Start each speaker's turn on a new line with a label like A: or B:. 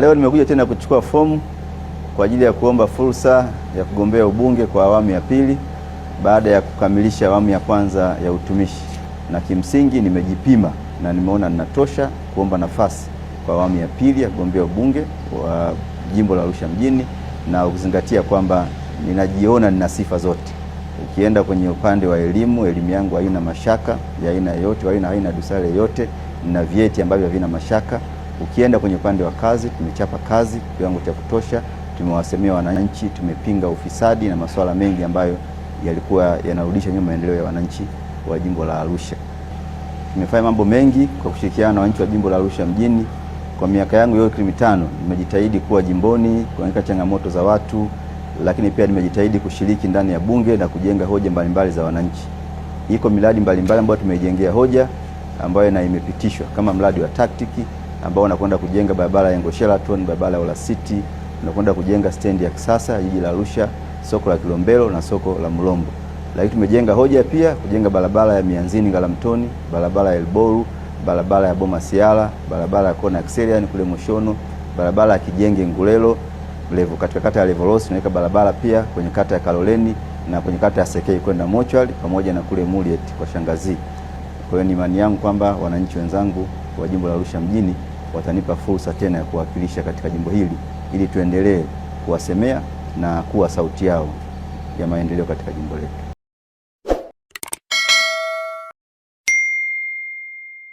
A: Leo nimekuja tena kuchukua fomu kwa ajili ya kuomba fursa ya kugombea ubunge kwa awamu ya pili baada ya kukamilisha awamu ya kwanza ya utumishi, na kimsingi nimejipima na nimeona ninatosha kuomba nafasi kwa awamu ya pili ya kugombea ubunge wa jimbo la Arusha mjini, na ukizingatia kwamba ninajiona nina sifa zote. Ukienda kwenye upande wa elimu, elimu yangu haina mashaka ya aina yoyote, haina aina dosari yoyote, nina vyeti ambavyo havina mashaka. Ukienda kwenye upande wa kazi, tumechapa kazi kiwango cha kutosha, tumewasemea wananchi, tumepinga ufisadi na masuala mengi ambayo yalikuwa yanarudisha nyuma maendeleo ya wananchi wa jimbo la Arusha. Tumefanya mambo mengi kwa kushirikiana na wananchi wa jimbo la Arusha mjini. Kwa miaka yangu yote mitano nimejitahidi kuwa jimboni kuangalia changamoto za watu, lakini pia nimejitahidi kushiriki ndani ya bunge na kujenga hoja mbalimbali mbali za wananchi. Iko miradi mbalimbali ambayo tumejengea hoja ambayo na imepitishwa kama mradi wa taktiki ambao unakwenda kujenga barabara ya Ngosheraton, barabara ya Ola City, unakwenda kujenga stendi ya kisasa jiji la Arusha, soko la Kilombero na soko la Mlombo. Lakini tumejenga hoja pia kujenga barabara ya Mianzini Ngaramtoni, barabara ya Elboru, barabara ya Boma Siala, barabara ya Kona Xerian kule Moshono, barabara ya Kijenge Ngulelo Levo, katika kata ya Levolosi tunaweka barabara pia kwenye kata ya Kaloleni na kwenye kata ya Sekei kwenda Mochwali pamoja na kule Muliet kwa Shangazi. Kwa hiyo ni imani yangu kwamba wananchi wenzangu wa jimbo la Arusha mjini watanipa fursa tena ya kuwakilisha katika jimbo hili ili tuendelee kuwasemea na kuwa sauti yao ya maendeleo katika jimbo letu.